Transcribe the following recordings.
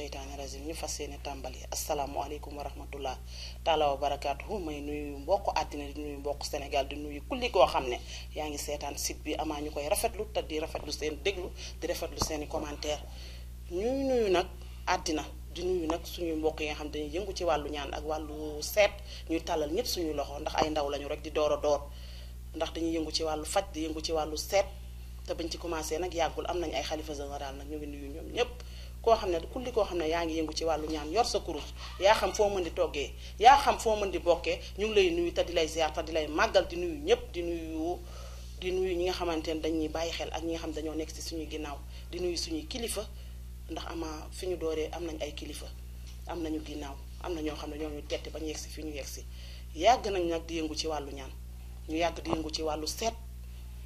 sheytaani rajim ñu fas yéene tàmbali asalaamualeykum wa rahmatullah taala wa barakaatuhu may nuyu mbokk àddina di nuyu mbokk Sénégal di nuyu kulli koo xam ne yaa ngi seetaan site bi amaa ñu koy rafetlu te di rafetlu seen déglu di rafetlu seeni commentaire ñuy nuyu nag àddina di nuyu nag suñuy mbokk yi nga xam ne dañuy yëngu ci wàllu ñaan ak wàllu seet ñuy tàllal ñëpp suñuy loxo ndax ay ndaw lañu rek di door a door ndax dañuy yëngu ci wàllu faj di yëngu ci wàllu seet te bañ ci commencé nag yàggul am nañ ay xalifa général nag ñu nuyu ñoom ñëpp koo xam ne kulli koo xam ne yaa ngi yëngu ci wàllu ñaan yor sa kurus yaa xam foo mën di toggee yaa xam foo mën di bokkee ñu ngi lay nuyu te di lay ziar te di lay màggal di nuyu ñëpp di nuyu di nuyu ñi nga xamante ne dañuy bàyyi xel ak ñi nga xam dañoo nekk ci suñuy ginnaaw di nuyu suñuy kilifa ndax ama fi ñu dooree am nañ ay kilifa am nañu ginnaaw am na ñoo xam ne ñoo ñu ba ñu yegg si fi ñu yegg si yàgg nañ nag di yëngu ci wàllu ñaan ñu yàgg di yëngu ci wàllu seet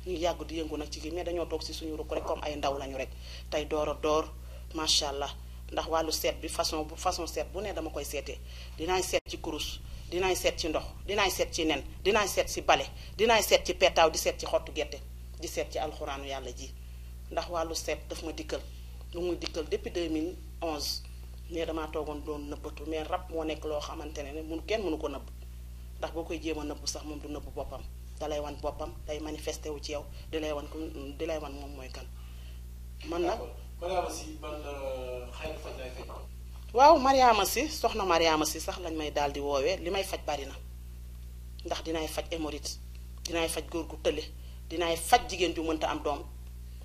ñu yàgg di yëngu nag ci kii mais dañoo toog si suñu rukk rek comme ay ndaw lañu rek tey door door macha allah ndax wàllu seet bi façon bu façon seet bu nee dama koy seetee dinaay seet ci kurus dinaay seet ci ndox dinaay seet ci nen dinaay seet ci bale dinaay seet ci pettaaw di seet ci xottu gerte di seet ci alxuraanu yàlla ji ndax wàllu seet daf ma dikkal lu muy dikkal depuis 2011 mais damaa toogoon doon nëbbatu mais rab moo nekk loo xamante ne mun kenn mënu ko nëbb ndax boo koy jéem a nëbb sax moom du nëbb boppam da lay wan boppam day manifesté wu ci yow di lay wan di lay wan moom mooy kan man nag Mariama Sy ban euh, xayma faj lay waaw Mariama Sy soxna Mariama Sy sax lañ may daal di woowee li may faj bari na ndax dinaay faj hémorroïde dinaay faj góor gu tële dinaay faj jigéen ju mënta am doom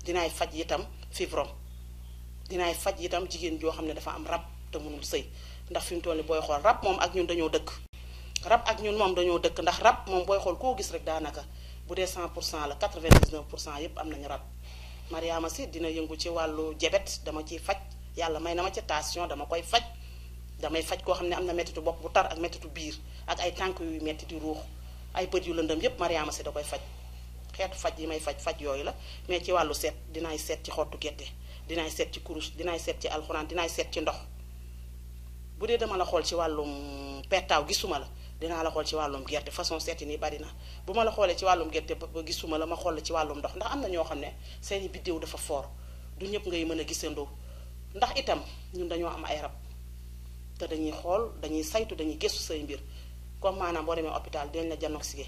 dinaay faj itam fibrome dinaay faj itam jigéen joo xam ne dafa am rab te mënul sëy ndax fi mu toll nii booy xool rab moom ak ñun dañoo dëkk. rab ak ñun moom dañoo dëkk ndax rab moom booy xool koo gis rek daanaka bu dee 100 pour cent la 99 pour cent yépp am nañu rab. Mariama Sy dina yëngu ci wàllu jebet dama ciy faj yàlla may na ma ci tension dama koy faj damay faj koo xam ne am na méttitu bopp bu tar ak méttitu biir ak ay tànk yu métti di ruux ay bët yu lëndëm yépp Mariama Sy da koy faj xeetu faj yi may faj faj yooyu la mais ci wàllu set dinaay seet ci xottu gerte dinaay seet ci kurus dinaay seet ci alxuraan dinay seet ci ndox bu dee dama la xool ci wàllum pertaaw gisuma la dinaa la xool ci wàllum gerte façon seeti nii bari na bu ma la xoolee ci wàllum gerte ba gisuma la ma xool ci wàllum ndox ndax am na ñoo xam ne seeni biddéew dafa foor du ñëpp ngay mën a gisandoo ndax itam ñun dañoo am ay rab te dañuy xool dañuy saytu dañuy gëstu say mbir comme maanaam boo demee hôpital dinañ la diagnostiqué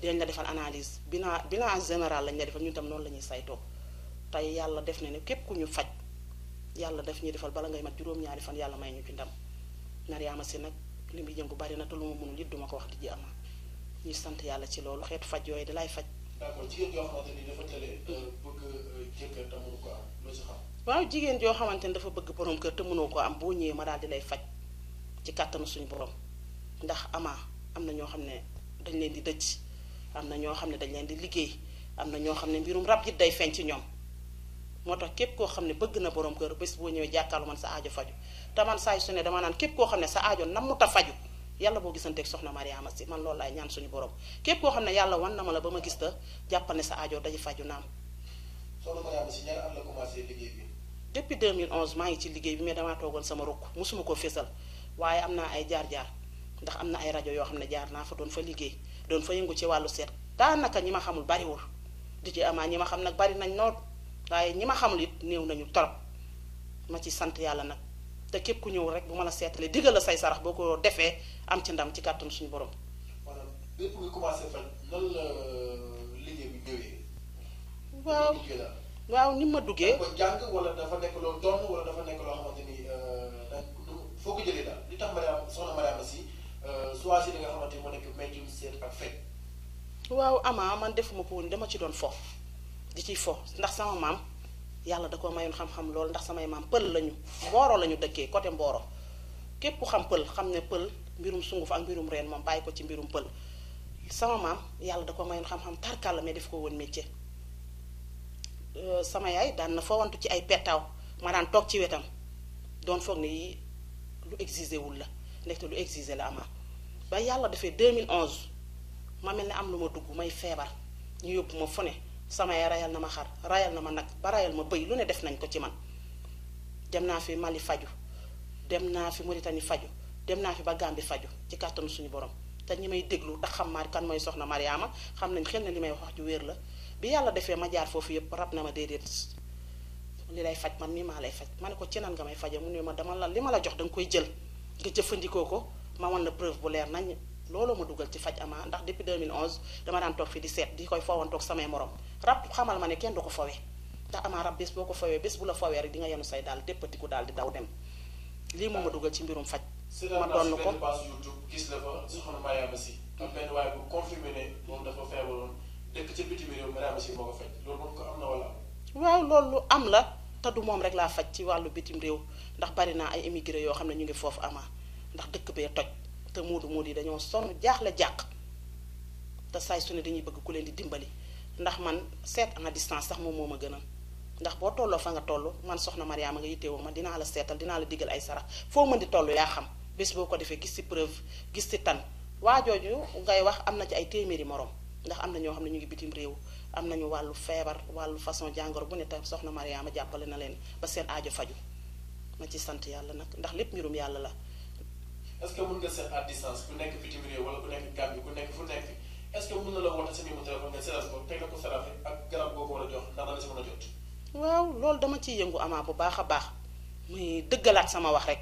dinañ la defal analyse bilan bilan général lañ la defal ñun tam noonu la ñuy saytoo tey yàlla def na ne képp ku ñu faj yàlla daf ñuy defal bala ngay mat juróom fan yàlla may ñu ci ndam Mariama nag li muy yëngu bari na te lu ma mënul it duma ko wax di ji am ñuy sant yàlla ci loolu xeetu faj yooyu da lay faj. d'accord jigéen euh, euh, waaw jigéen joo xamante ni dafa bëgg borom kër te mënoo ko am boo ñëwee ma daal di lay faj ci kàttanu suñu borom ndax amaa am na ñoo xam ne dañ leen di dëj am na ñoo xam ne dañ leen di liggéey am na ñoo xam ne mbirum rab yi day feeñ ci ñoom moo tax képp koo xam ne bëgg na borom kër bés boo ñëwee jàkkaarlu man sa aajo faju te man saa yu képp koo xam ne sa aajo nammut a faju yàlla boo gisanteeg soxna Mariama si man loolu laay ñaan suñu borom képp koo xam ne yàlla wan na ma la ba ma gis ta jàppal ne sa ajo daji faju naam. soxna Mariama si ñaar am la maa ngi ci liggéey bi mais damaa toogoon sama rukk musuma ko fésal waaye am na ay jaar-jaar ndax am na ay rajo yoo xam ne jaar naa fa doon fa liggéey doon fa yëngu ci wàllu seet naka ñi ma xamul bariwul di ci amaa ñi ma xam nag bari nañ noonu waaye ñi ma xamul it néew nañu torop ma ci sant yàlla nag te képp ku ñëw rek bu ma la seetalee digal la say sarax boo ko defee am ci ndam ci kàttan suñu borom. maanaam lépp nga commencé euh, bi ñëwee. waaw waaw ma duggee. ko wala dafa nekk loo doon xamante ni euh, foo ko jëlee tax Mariama soxna Mariama Sy euh, choisir li nga seet ak fekk. waaw Ama man defuma ko woon dama ci doon foofu. di ciy fo ndax sama maam yàlla da ko mayoon xam-xam lool ndax samay maam pël lañu mbooro lañu dëkkee côté mbooro képp ku xam pël xam ne pël mbirum sunguf ak mbirum reen moom bàyyi ko ci mbirum pël sama maam yàlla da ko mayoon xam-xam tarkal la mais ko woon métier euh, sama yaay daan na ci ay pettaaw ma toog ci wetam doon foog ne yi lu exigé wul la ndaxte lu exigé la ama ba yàlla defee 2011 ma mel ne am lu ma dugg may feebar ñu yóbbu ma fu sama yaay rayal na ma xar rayal na ma nag ba rayal ma bëy lu ne def nañ ko ci man dem naa fi Mali faju dem naa fi mu Mauritanie faju dem naa fi ba Gambie faju ci kàttanu suñu borom te ñi may déglu te xam maa kan mooy soxna Mariama xam nañ xel na li may wax ju wér la bi yàlla defee ma jaar foofu yëpp rab na ma déedéet li lay faj man mii maa lay faj ma ne ko ci nan nga may faje mu ne ma dama la li ma la jox danga koy jël nga jëfandikoo ko ma wan la preuve bu leer nañ looloo ma dugal ci faj ama ndax depuis 2011 dama daan toog fi di seet di koy foowantoog samay morom rab xamal ma ne kenn du ko fowee ndax ama rab bés boo ko fowee bés bu la fowee rek di nga yenu say daal déppatiku daal di daw dem lii moom ma dugal ci mbirum faj. ma doon ko page YouTube gis la fa soxna Mariama Sy am moom dafa feebaroon dëkk ci bitim réew Mariama Sy moo ko faj loolu moom ko waaw loolu lu am la te moom rek laa faj ci wàllu bitim réew ndax bari naa ay émigré yoo xam ne ñu ngi foofu amaa ndax dëkk bee toj te moodu moodu yi dañoo sonn jaaxle jàq te saay su ne dañuy bëgg ku leen di dimbali ndax man seet en distance sax moom moo ma gënal ndax boo tolloo fa nga toll man soxna Mariama nga yittewoo ma dinaa la seetal dinaa la digal ay sarax foo mën di toll yaa xam bés boo ko defee gis ci preuve gis ci tan waa jooju ngay wax am na ci ay téeméeri morom ndax am na ñoo xam ne ñu ngi bitim réew am nañu wàllu feebar wàllu façon jàngoro bu ne tam soxna Mariama jàppale na leen ba seen aajo faju ma ci sant yàlla nag ndax lépp mbirum yàlla la est ce que mën nga seet à distance ku nekk bitim réew wala ku nekk Gàmbi ku nekk fu nekk est ce que mën na la woote sa numéro téléphone teg la ko loolu dama ciy yëngu amaa bu baax a baax muy dëggalaat sama wax rek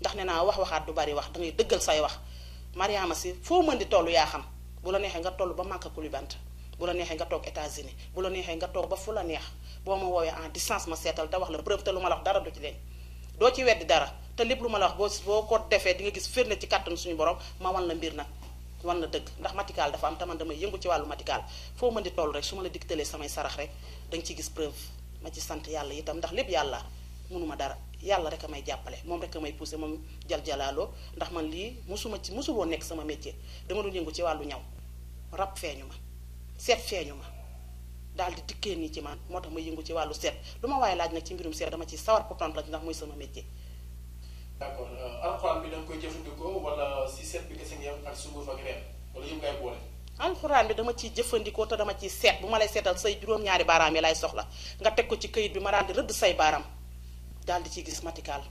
ndax nee naa wax waxaat du bari wax dangay dëggal say wax Mariama si foo mën di toll yaa xam bu la neexee nga toll ba Màkka Koulibantang bu la neexee nga toog États-Unis bu la neexee toog ba fu la neex boo ma woowee en distance ma seetal da wax la preuve lu ma la wax dara du ci leen doo ci weddi dara te lépp lu ma la wax boo boo ko defee dinga nga gis firnde ci kàttan suñu borom ma wan la mbir nag wan la dëgg ndax matikaal dafa am taman damay yëngu ci wàllu matikaal foo mën di toll rek su ma la digtalee samay sarax rek danga ciy gis preuve ma ci sant yàlla itam ndax lépp yàlla mënuma dara yàlla rek a may jàppale moom rek may poussé moom jal jalaaloo ndax man lii musuma ci musu woon nekk sama métier dama yëngu ci wàllu ñaw rab feeñu ma seet feeñu ma daal di dikkee nii ci man moo tax may yëngu ci wàllu seet lu ma waaye laaj nag ci mbirum seet dama ci sawar pour tontu la ndax mooy sama métier d' accord :fra euh, alxuraan bi da koy jëfandikoo wala si seet bi kese nga su ak sunguf ak reen wala yëpp ngay boole alxuraan bi dama ciy jëfandikoo te dama ciy seet bu ma lay seetal say juróom-ñaari baaraam yi lay soxla nga teg ko ci bi ma daal di rëdd say baaraam daal di ciy gis matikaal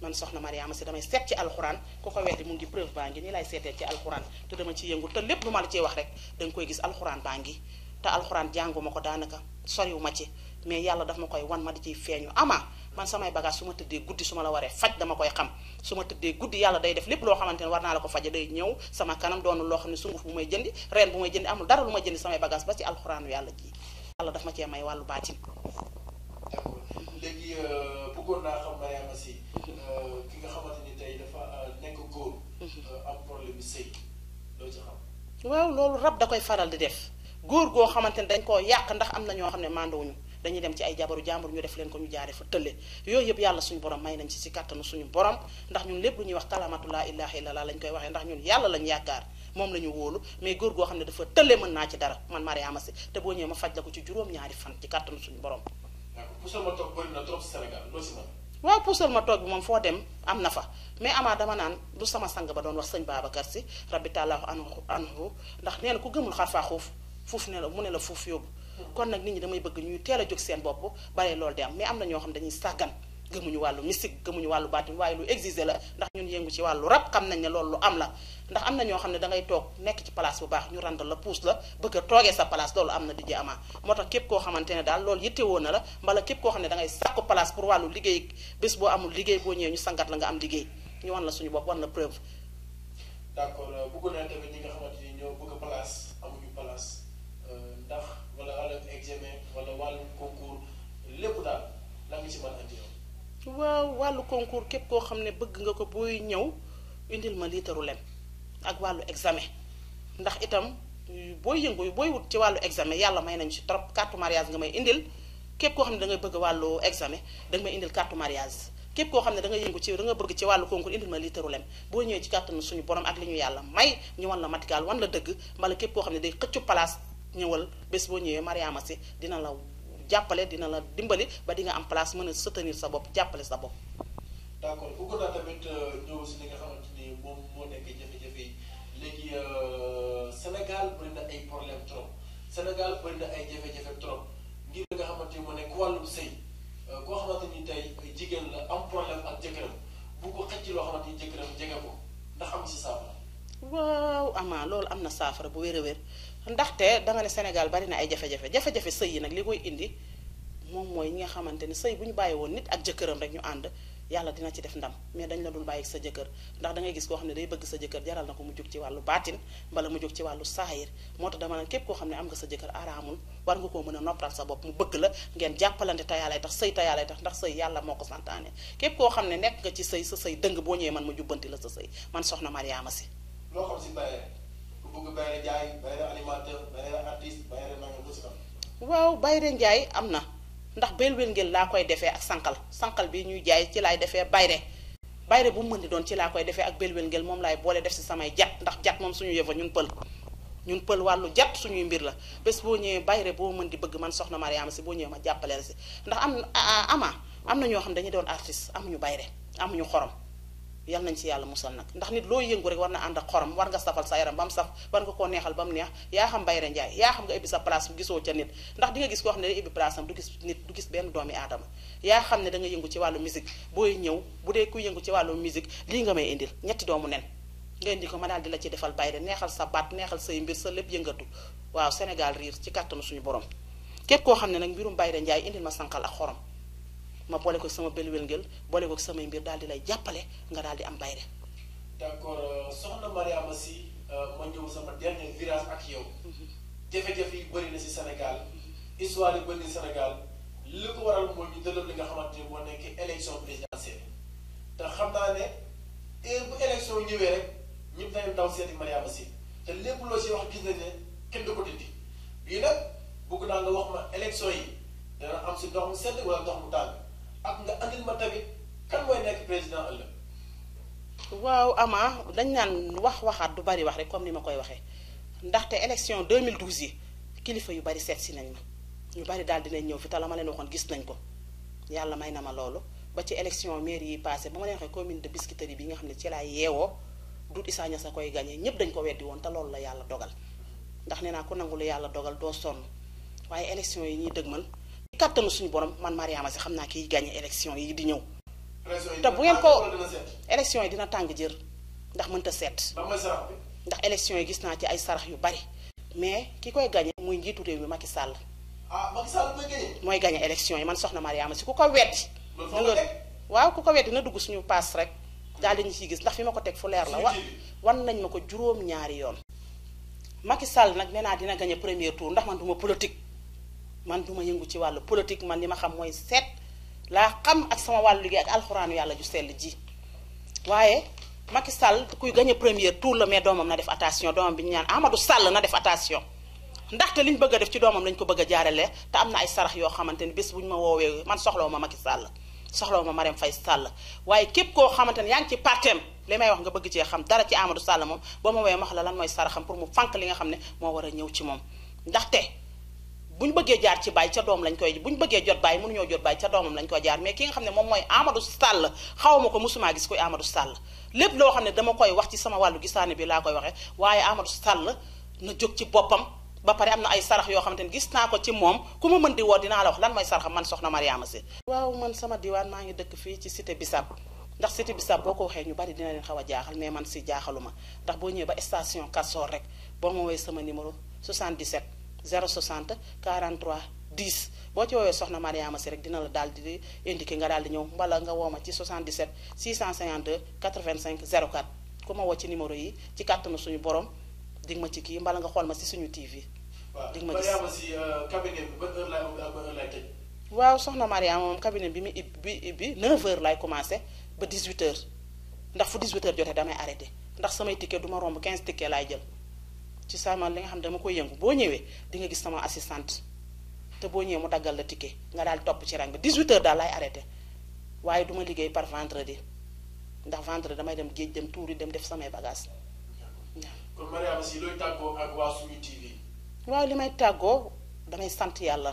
man soxna Mariama si damay seet ci alxuraan ku ko weddi mu ngi preuve baa ngi nii lay seetee ci alxuraan te dama ciy yëngu te lépp lu ma la ciy wax rek da koy gis alxuraan baa ngi te alxuraan jànguma ko daanaka soriwu ma ci mais yàlla daf ma koy wan ma di ciy feeñu ama man samay bagage su ma tëddee guddi su ma la waree faj dama koy xam su ma tëddee guddi yàlla day def lépp loo xamante ne war naa la ko faj day ñëw sama kanam doonul loo xam ne sunguf bu may jëndi reen bu may jëndi amul dara ma jëndi samay bagage ba ci alxuraanu yàlla ji yàlla daf ma cee may wàllu baatin léegi euh, bëggoon naa xam Mariama Sy euh, ki nga xamante ni tey dafa euh, nekk waaw loolu rab da koy faral di def góor goo xamante ne dañ koo yàq ndax am na ñoo xam ne màndawuñu dañuy dem ci ay jabaru jàmbur ñu def leen ko ñu jaare fa tëlle yooyu yëpp yàlla suñu borom may nañ ci si kàttanu suñu borom ndax ñun lépp lu ñuy wax kalaamatu laa ilaaha illallaah lañ koy waxee ndax ñun yàlla lañ yaakaar moom la wóolu mais góor goo xam ne dafa tëlle mën naa ci dara man Mariama Si te boo ñëwee ma faj la ko ci juróom-ñaari fan ci kàttanu suñu borom waaw puusal ma toog bi moom foo dem am na fa mais amaa dama naan lu sama sang ba doon wax sëñ Babacar si rabbi tàllaahu anhu anhu ndax nee na ku gëmul xarfaa xuuf fuuf ne la mu ne la fuuf yóbbu kon nag nit ñi damay bëgg ñu teel a jóg seen bopp bare loolu di am mais am na ñoo xam dañuy sàggan gëmuñu wàllu mystique gëmuñu wàllu baatin waaye lu exige la ndax ñun yëngu ci wàllu rab xam nañ ne loolu lu am la ndax am na ñoo xam ne dangay toog nekk ci place bu baax ñu randal la puus la bëgg toogee sa place loolu am na di amaa moo tax képp koo xamante ne daal loolu yittewoo na la mbala képp koo xam ne dangay sàkku place pour wàllu liggéey bés boo amul liggéey boo ñëwee ñu sangat la nga am liggéey ñu wan la suñu bopp wan la preuve d'accord euh, bëgg naa tamit ñi nga xamante examen wala wàllu concours lépp daal waaw wàllu concours képp koo xam ne bëgg nga ko booy ñëw indil ma liitaru lem ak wàllu examen ndax itam euh, booy yëngu booy wut ci wàllu examen yàlla may nañu ci trop carte mariage nga may indil képp koo xam ne da bëgg wàllu examen da nga may indil carte mariage. koo xam ne da nga yëngu ci da nga bëgg ci wàllu concours indil ma liitaru lem boo ñëwee ci kàttanu suñu borom ak li ñu yàlla may ñu wan la matigal wan la dëgg mbala képp koo xam ne day xëccu place ñëwal bés boo ñëwee Mariama Sy dina la jàppale dina la dimbali ba di am place mën a soutenir sa bopp jàppale sa bopp. d'accord bu ko daa tamit euh, ñëw si li nga xamante moo nekk jafe-jafe yi euh, ay problème trop Sénégal bëri nga xamante ni moo nekk wàllum sëy euh, koo xamante jigéen la am problème ak jëkkëram bu ko xëcc loo xamante jëkkëram jege ko ndax si saafara. waaw amaa loolu am na saafara bu wér a wér. ndaxte da nga ne Sénégal bari na ay jafe-jafe jafe-jafe sëy yi nag li koy indi moom mooy ñi nga xamante ne sëy bu ñu bàyyi woon nit ak jëkkëram rek ñu ànd yàlla dina ci def ndam mais dañ la dul bàyyi sa jëkkër ndax da ngay gis koo xam ne day bëgg sa jëkkër jaral na ko mu jóg ci wàllu baatin mbala mu jóg ci wàllu saayir moo tax képp koo xam ne am nga sa jëkkër araamul war nga koo mën a noppal sa bopp mu bëgg la ngeen jàppalante te yàllay tax sëy te yàllay tax ndax sëy moo ko santaane képp koo xam ne nekk nga ci sëy sa sëy dëng boo ñëwee man ma jubbanti la sa sëy man soxna Mariama si loo xam si Baye waaw Bayre Ndiaye am na ndax belwel ngeen laa koy defee ak sanqal sànqal bi ñuy jaay ci laay defee Bayre Bayre bu mu mën di doon ci laa koy defee ak belwel ngeen moom laay boole def si samay jat ndax jat moom suñu yëfa ñun pël. ñun pël wàllu jàpp suñuy mbir la bés boo ñëwee bayre boo mën di bëgg man soxna Mariama si boo ñëwee ma jàppale la si ndax am ama am na ñoo xam dañu doon artiste amuñu bayre amuñu xorom yal nañ si yàlla musal nag ndax nit loo yëngu rek war na ànd ak xorom war nga safal sa yaram ba mu saf war nga koo neexal ba mu neex yaa xam bayre njaay yaa xam nga ibbi sa place gisoo ca nit ndax di nga gis koo xam ne day ibbi place am du yaa xam ne da yëngu ci wàllu musique booy ñëw bu dee ku yëngu ci wàllu musique lii nga may indil ñetti doomu nen nga indi ko ma daal di la ci defal bayre neexal sa baat neexal say mbir sa lépp yëngatu waaw Sénégal riir ci kàttanu suñu borom képp koo xam ne nag mbirum bayre njaay indil ma sànqal xorom ma boole ko sama bël wéngél boole ko samay mbir daal di lay jàppale nga daal di am bayre d'accord euh, soxna Mariama Sy euh, ma ñëw sama dernier virage ak yow mhm. jafe-jafe yi bëri na si Sénégal histoire yi bëri na Sénégal li ko waral mooy ñu dëlëm li nga xamante ni moo nekk élection présidentielle te xam naa ne heure bu élection ñëwee rek ñëpp dañu daw seeti Mariama Sy te lépp loo si wax gis nañ ne kenn du ko dindi bii nag bëgg naa nga wax ma élection yi dana am si ndox am nga andil ma tamit kan mooy nekk président ëllëg. waaw Ama dañ naan wax waxaat du bari wax rek comme ni ma koy waxee ndaxte élection 2012 yi kilifa yu bari seet si nañ ma ñu bari daal dinañ ñëw fi te la ma leen waxoon gis nañ ko yàlla may na ma loolu ba ci élection mairie yi passé ba ma leen waxee commune de Biscuiterie bi nga xam ne ci laa yeewoo Doudou Issa Niasse a koy gagné ñépp dañ ko weddi woon te loolu la yàlla dogal ndax nee naa ku nangu yàlla dogal doo sonn kàttanu suñu borom man Mariama si xam naa kiy gagné élection yi di ñëw. te bu ngeen ko élection yi dina tàng jër ndax mënta seet. ndax élection yi gis naa ci ay sarax yu bari. mais ki koy gagné muy njiitu réew mi Macky Sall. ah mooy gagné. mooy yi man soxna Mariama si ku ko weddi. waaw ku ko weddi na dugg suñu paas rek. daal di ñu ciy gis ndax fi ma ko teg fu leer la wa wan nañ ma ko juróom-ñaari yoon. Macky Sall nag nee naa dina gagné premier tour ndax man duma politique. man du ma yëngu ci wàllu politique man li ma xam mooy seet laa xam ak sama wàllu liggéey ak alxuraanu yàlla ju sell ji waaye Macky Sall kuy gagné premier tour la mais doomam na def attention doomam bi ñu ñaan Amadou Sall na def attention ndaxte liñ bëgg def ci doomam lañ ko bëgg a jaarale am na ay sarax yoo xamante ni bés bu ñu ma woowee man soxlawu ma Macky Sall soxlawu ma Marème fay sàll waaye képp koo xamante ni yaa ngi ci partem li may wax nga bëgg cee xam dara ci Amadou Sall moom boo ma woowee wax la lan mooy saraxam pour mu fànk li nga xam ne moo war a ñëw ci moom ndaxte bu ñu bëggee jaar ci baay ca doom lañ koy bu ñu bëggee jot baay mënuñoo jot baay ca doomam lañ koy jaar mais ki nga xam ne moom mooy Amadou Sall xawma ko mosumaa gis koy Amadou Sall lépp loo xam ne dama koy wax ci sama wàllu gisaane bi laa koy waxee waaye Amadou Sall na jóg ci boppam ba pare am na ay sarax yoo xamante ne gis naa ko ci moom ku ma mën di woo dinaa la wax lan mooy sarax man soxna Mariama Sy waaw man sama diwaan maa ngi dëkk fii ci cité Bissab ndax cité Bissab boo ko waxee ñu bari dina leen xaw a jaaxal mais man si jaaxaluma ndax boo ñëwee ba station Kasor rek boo ma woowee sama numéro 77 060 43 10 boo ci woowee soxna Mariama si rek dina la daal di indiqué nga daal di ñëw mbala nga wooma ci 77 652 85 04 ku ma woo ci numéro yi ci kàttanu suñu borom di ma ci kii mbala nga xool ma si suñu TV. di ma gis waaw Mariama si euh, cabinet bi ban soxna Mariama moom cabinet bi mu ibbi ibbi 9h laay commencé ba 18h ndax fu 18h jotee damay arrêté ndax samay ticket du ma romb 15 ticket jël. ci sama li nga xam ne dama koy yëngu boo ñëwee di nga gis sama sant te boo ñëwee mu daggal la ticket nga daal topp ci rang bi 18h daal lay arrêté waaye duma liggéey par vendredi ndax vendredi damay dem géej dem tuuri dem def samay bagages. kon Mariama Sy looy tàggoo waaw li may tàggoo damay sant yàlla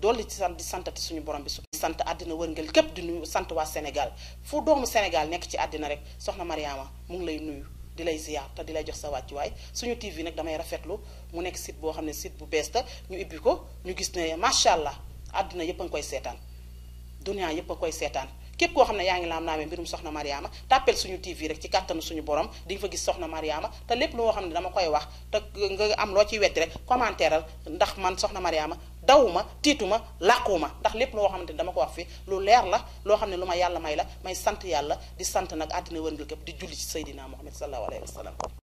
dolli ci sant di santati suñu borom bi su sant àddina wërngël képp di nuyu sant waa Sénégal foo doomu Sénégal nekk ci àddina rek soxna Mariama mu ngi lay nuyu. di lay ziar te di lay jox sa wàccuwaay suñu TV nag damay rafetlu mu nekk site boo xam ne site bu bees ta ñu ibbi ko ñu gis ne macha allah àdduna yëpp a ngi koy seetaan dunia yëpp a koy seetaan képp koo xam ne yaa ngi laam laamee mbirum soxna Mariama tàppel suñu TV rek ci kàttanu suñu borom di nga fa gis soxna Mariama te lépp loo xam ne dama koy wax te nga am loo ciy wetti rek commentaire ndax man soxna Mariama dawuma tiituma làquwuma ndax lépp loo xamante ni dama ko wax fii lu leer la loo xam ne lu ma yàlla may la may sant yàlla di sant nag àddina wërngal képp di julli ci Seydina Muhammad sallallahu alayhi wa